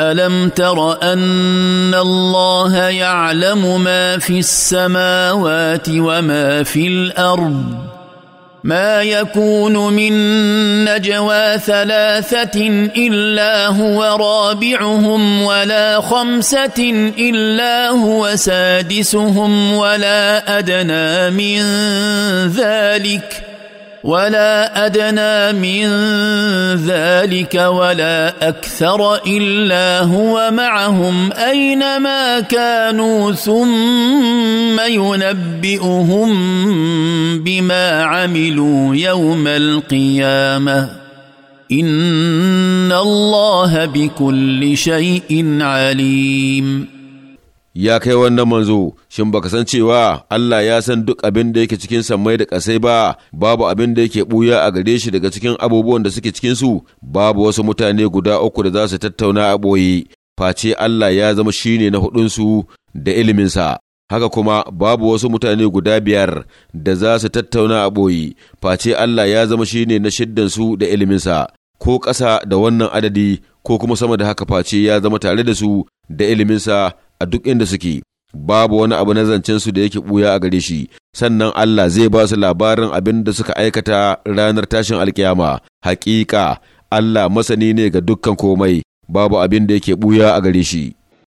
الم تر ان الله يعلم ما في السماوات وما في الارض ما يكون من نجوى ثلاثه الا هو رابعهم ولا خمسه الا هو سادسهم ولا ادنى من ذلك ولا ادنى من ذلك ولا اكثر الا هو معهم اينما كانوا ثم ينبئهم بما عملوا يوم القيامه ان الله بكل شيء عليم ya kai wannan manzo shin baka san cewa Allah ya san duk abin da yake cikin sammai da kasai ba babu abin da yake buya a gare shi daga cikin abubuwan da suke cikin su babu wasu mutane guda uku da za su tattauna a ɓoye face Allah ya zama shine na huɗunsu da iliminsa haka kuma babu wasu mutane guda biyar da za su tattauna a ɓoye face Allah ya zama shine na shiddansu da iliminsa ko ƙasa da wannan adadi ko kuma sama da haka face ya zama tare da su da iliminsa a duk inda suke babu wani abu na zancensu da yake buya a gare shi sannan Allah zai ba su labarin abin da suka aikata ranar tashin alkiyama haƙiƙa Allah masani ne ga dukkan komai babu abin da yake buya a gare shi